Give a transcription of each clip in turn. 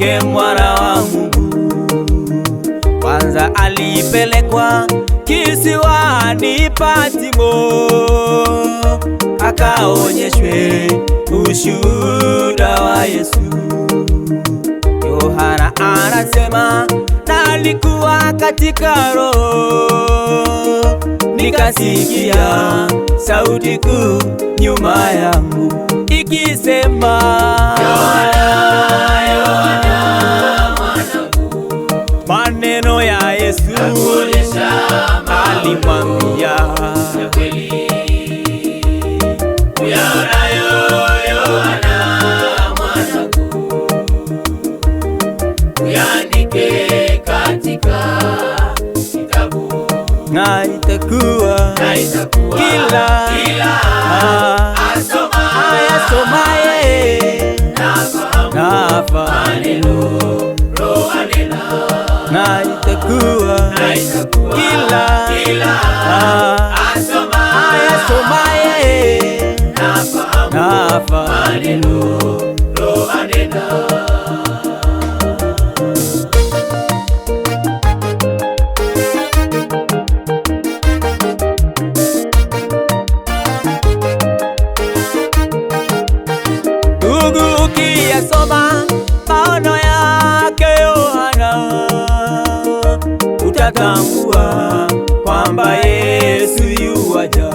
Mwanamke mwana wa Mungu kwanza alipelekwa kisiwani Patmo, akaonyeshwe ushuhuda wa Yesu. Yohana anasema nalikuwa katika Roho, nikasikia sauti kuu nyuma yangu ikisema na itakuwa kila ayasomaye nafa na itakuwa kila ayasomaye nafa umesoma maono yake Yohana, utatambua kwamba Yesu yuwaja,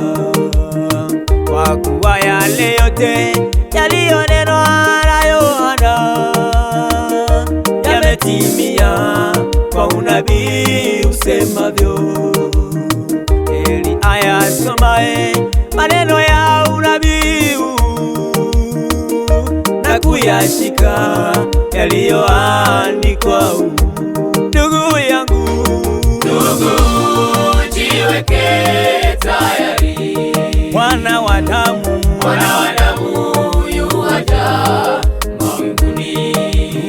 kwa kuwa yale yote yaliyonenwa na Yohana yametimia kwa unabii usemavyo. Eli somae maneno kuyashika yaliyoandikwa. Ndugu yangu, ndugu, jiweke tayari, mwana wa damu, mwana wa damu yuaja mbinguni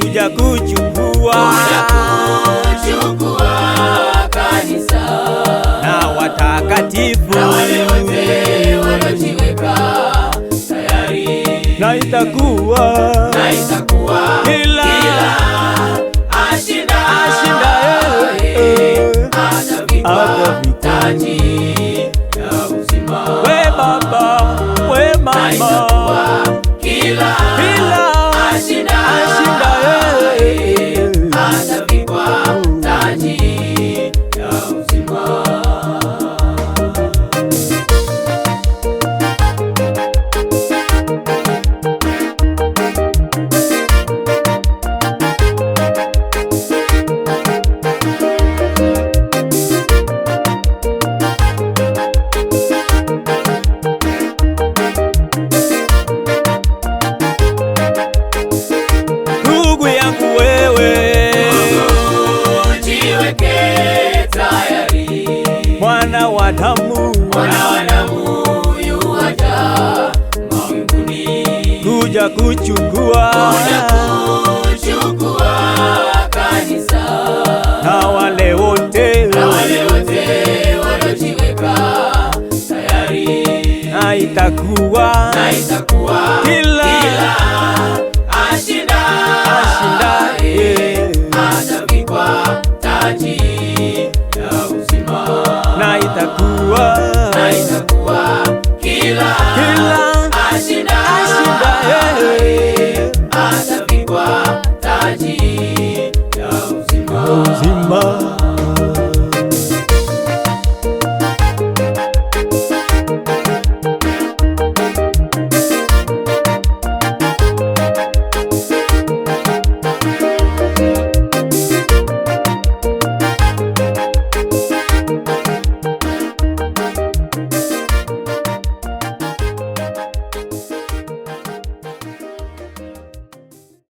kuja kuchukua na itakuwa wa damu, kuja kuchukua those